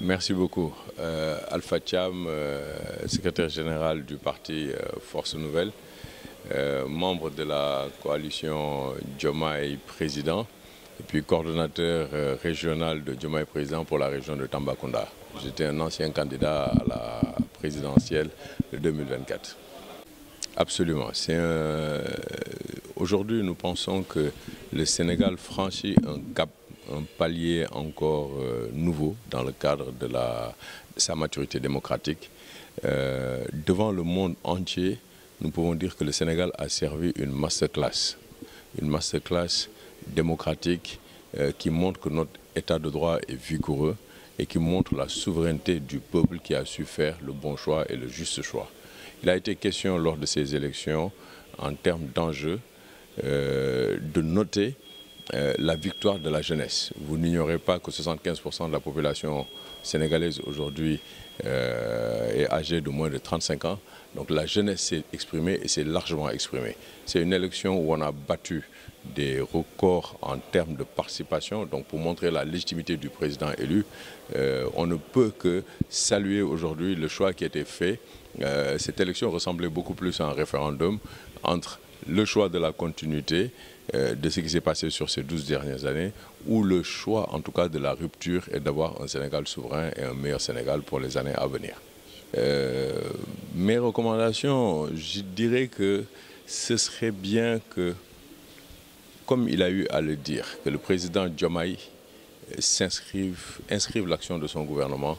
Merci beaucoup. Euh, Alpha Cham, euh, secrétaire général du parti euh, Force Nouvelle, membre de la coalition Diomaï Président, et puis coordonnateur régional de Diomaï Président pour la région de Tambacounda. J'étais un ancien candidat à la présidentielle de 2024. Absolument. Aujourd'hui, nous pensons que le Sénégal franchit un cap un palier encore euh, nouveau dans le cadre de, la, sa maturité démocratique. Euh, devant le monde entier, nous pouvons dire que le Sénégal a servi une masterclass, une masterclass démocratique euh, qui montre que notre état de droit est vigoureux et qui montre la souveraineté du peuple qui a su faire le bon choix et le juste choix. Il a été question lors de ces élections, en termes d'enjeux, de noter euh, la victoire de la jeunesse. Vous n'ignorez pas que 75% de la population sénégalaise aujourd'hui euh, est âgée de moins de 35 ans. Donc la jeunesse s'est exprimée et s'est largement exprimée. C'est une élection où on a battu des records en termes de participation. Donc pour montrer la légitimité du président élu, euh, on ne peut que saluer aujourd'hui le choix qui a été fait. cette élection ressemblait beaucoup plus à un référendum entre le choix de la continuité euh, de ce qui s'est passé sur ces douze dernières années, ou le choix en tout cas de la rupture et d'avoir un Sénégal souverain et un meilleur Sénégal pour les années à venir. Euh, mes recommandations, je dirais que ce serait bien que, comme il a eu à le dire, que le président Diomaye euh, s'inscrive, inscrive l'action de son gouvernement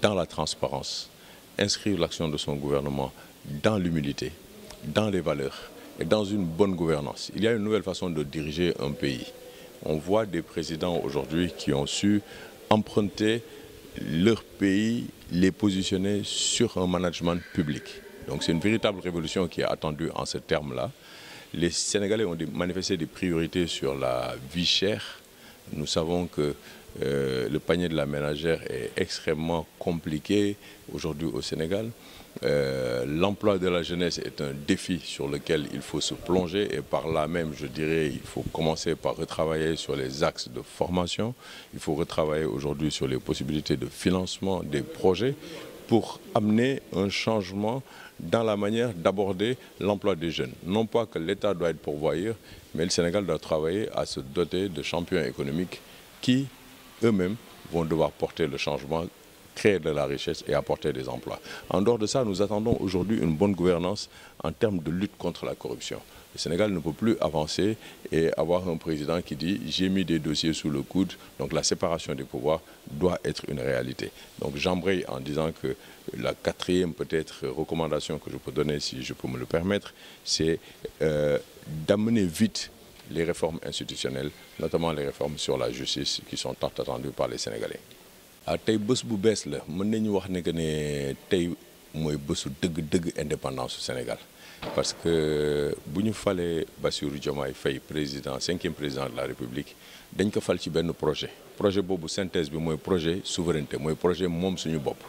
dans la transparence, inscrive l'action de son gouvernement dans l'humilité, dans les valeurs, et dans une bonne gouvernance. Il y a une nouvelle façon de diriger un pays. On voit des présidents aujourd'hui qui ont su emprunter leur pays, les positionner sur un management public. Donc c'est une véritable révolution qui est attendue en ce terme-là. Les Sénégalais ont manifesté des priorités sur la vie chère, nous savons que euh, le panier de la ménagère est extrêmement compliqué aujourd'hui au Sénégal. Euh, l'emploi de la jeunesse est un défi sur lequel il faut se plonger et par là même, je dirais, il faut commencer par retravailler sur les axes de formation. Il faut retravailler aujourd'hui sur les possibilités de financement des projets pour amener un changement dans la manière d'aborder l'emploi des jeunes. Non pas que l'État doit être pourvoyeur, mais le Sénégal doit travailler à se doter de champions économiques qui, eux-mêmes, vont devoir porter le changement créer de la richesse et apporter des emplois. En dehors de ça, nous attendons aujourd'hui une bonne gouvernance en termes de lutte contre la corruption. Le Sénégal ne peut plus avancer et avoir un président qui dit « j'ai mis des dossiers sous le coude ». Donc la séparation des pouvoirs doit être une réalité. Donc j'embraye en disant que la quatrième peut-être recommandation que je peux donner, si je peux me le permettre, c'est euh, d'amener vite les réformes institutionnelles, notamment les réformes sur la justice qui sont tant attendues par les Sénégalais ah tey bu bees la mën nañu wax ne que ne tay moy bésu deug deug indépendance su Sénégal parce que euh, buñu falé falee Bassirou Diomaye Faye président cinquième président de la République dañ ko fal ci benn projet projet bobu synthèse bi moy projet souveraineté moy projet mom suñu bop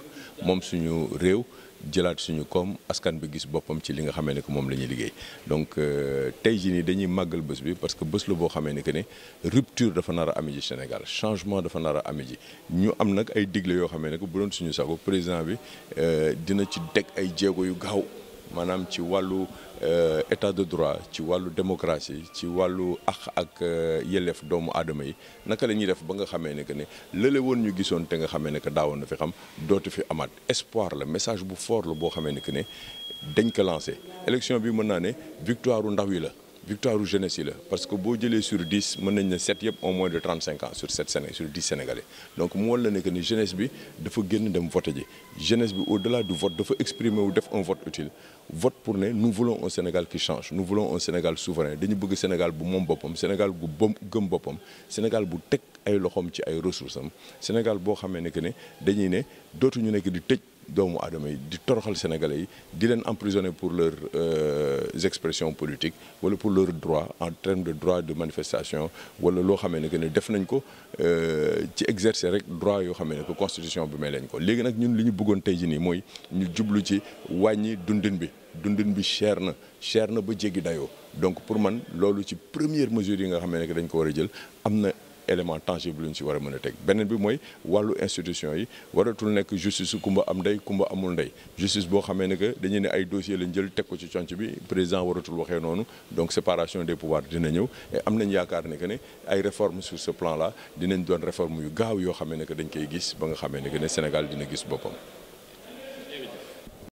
mom suñu réew jëlaat suñu koom askan bi gis boppam ci li nga xamee ne que moom la ñuy liggéey donc euh, tey jii nii dañuy màggal bés bi parce que bés la boo xamee ne que ne rupture dafa nar a amee ji Sénégal changement dafa nar a amee ji ñu am nag ay digle yoo xamee ne que bu doon suñu sago président bi euh, dina ci teg ay jéego yu gaaw. Manam ci wàllu euh, état de droit ci walu démocratie ci walu ak ak euh, yelef doomu adama yi naka la def ba nga xamé ne que ne lële ñu te nga xamé ne que na fi xam dootu fi amat espoir le message bu fort le bo xamé ne que ne dañ ko lancé élection bi mëna né victoire u ndaw la victoire ou jeunesse parce que vous êtes sur 10 vous nañ 7 e au moins de 35 ans sur 10 Sénégalais donc moi vous la que jeunesse bi dafa jeunesse au delà du vote faut exprimer ou faire un vote utile vote pour nous, nous voulons un Sénégal qui change nous voulons un Sénégal souverain dañu bëgg Sénégal bu est en Sénégal bu bom gëm en Sénégal bu teg ay loxoom ci ay ressources Sénégal bo xamé Sénégal, que ne dañuy dotu ñu nek di tëj doomu aadama yi di toroxal sénégalais yi di leen emprisonner pour leurs euh, expressions politiques wala pour leurs droits en termes de droit de manifestation wala loo xamee ne que ne def nañ ko euh, ci exercer rek droit yoo xamee ne que constitution bi may lañ ko léegi nag ñun li ñu bëggoon tey jii nii mooy ñu jublu ci wàññi dundin bi dundin bi cher na cher na ba jéggi dayoo donc pour man loolu ci première mesure yi nga xamee ne que dañ ko war a jël am na élément tangible lu ñu si war a mën bi moy walu institution yi waratul nek justice kumba am ndey kumba amul ndey justice bo xamé ne que dañu ne ay dossier la jël teg ko ci conc bi président waratul waxé nonu donc séparation des pouvoirs dina ñëw et am nañ yaakaar ne que ne ay réformes sur ce plan là dinañ doon réforme yu gaaw yo xamé ne que dañ koy gis ba nga xamé ne que ne Sénégal dina gis bopam